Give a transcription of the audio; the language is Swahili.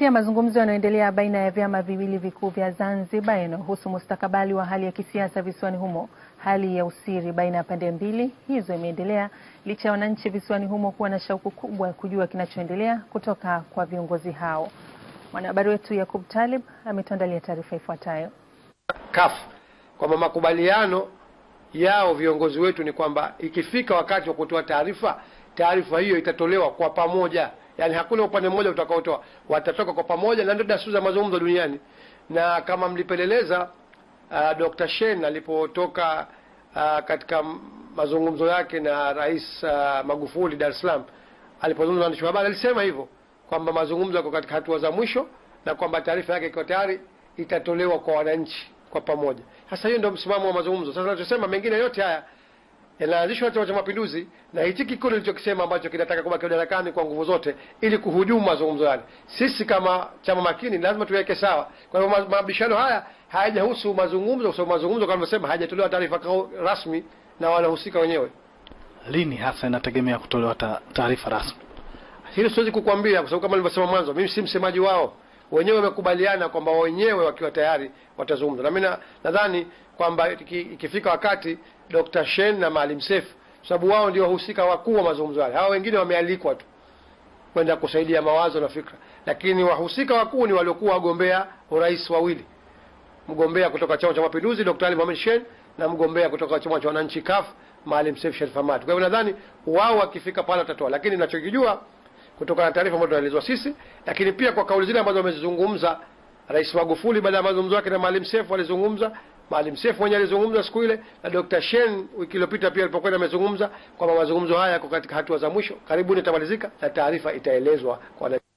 Pia mazungumzo yanayoendelea baina ya vyama viwili vikuu vya Zanzibar yanayohusu mustakabali wa hali ya kisiasa visiwani humo. Hali ya usiri baina ya pande mbili hizo imeendelea licha ya wananchi visiwani humo kuwa na shauku kubwa ya kujua kinachoendelea kutoka kwa viongozi hao. Mwanahabari wetu Yakub Talib ametuandalia taarifa ifuatayo. CUF kwamba makubaliano yao viongozi wetu ni kwamba ikifika wakati wa kutoa taarifa, taarifa hiyo itatolewa kwa pamoja yani hakuna upande mmoja utakaotoa, watatoka kwa pamoja, na ndio desturi za mazungumzo duniani. Na kama mlipeleleza, uh, Dr. shen alipotoka uh, katika mazungumzo yake na Rais uh, Magufuli Dar es Salaam, alipozungumza na wa habari, alisema hivyo kwamba mazungumzo yako katika hatua za mwisho na kwamba taarifa yake iko tayari itatolewa kwa wananchi kwa pamoja. Sasa hiyo ndio msimamo wa mazungumzo. Sasa tunachosema mengine yote haya yanaanzishwa na Chama cha Mapinduzi na hichi kikundi ilichokisema ambacho kinataka kubaki madarakani kwa nguvu zote ili kuhujumu mazungumzo yale. Sisi kama chama makini lazima tuweke sawa. Kwa hivyo mabishano haya hayajahusu mazungumzo, kwa sababu mazungumzo kama nilivyosema hayajatolewa taarifa rasmi na wanahusika wenyewe. Lini hasa inategemea kutolewa taarifa rasmi? Hilo siwezi kukwambia, kwa sababu kama nilivyosema mwanzo, mimi si msemaji wao wenyewe wamekubaliana kwamba wenyewe wakiwa tayari watazungumza. Na mi nadhani kwamba ikifika wakati Dr. shen na Maalim sef sababu wao ndio wahusika wakuu wa mazungumzo yale, hawa wengine wamealikwa tu kwenda kusaidia mawazo na fikra, lakini wahusika wakuu ni waliokuwa wagombea urais wawili, mgombea kutoka Chama cha Mapinduzi Dr. Ali Mohamed shen na mgombea kutoka Chama cha Wananchi kaf Maalim sef sherif Hamad. Kwa hivyo nadhani wao wakifika pale watatoa, lakini nachokijua kutokana na taarifa ambazo tunaelezwa sisi, lakini pia kwa kauli zile ambazo wamezizungumza Rais Magufuli baada ya mazungumzo yake na Maalim sefu alizungumza Maalim sefu mwenyewe alizungumza siku ile na Dr. shen wiki iliyopita pia alipokwenda amezungumza kwamba mazungumzo haya yako katika hatua za mwisho, karibuni itamalizika na taarifa itaelezwa kwa